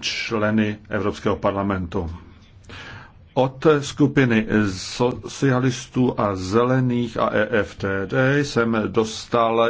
členy Evropského parlamentu. Od skupiny socialistů a zelených a EFTD jsem dostal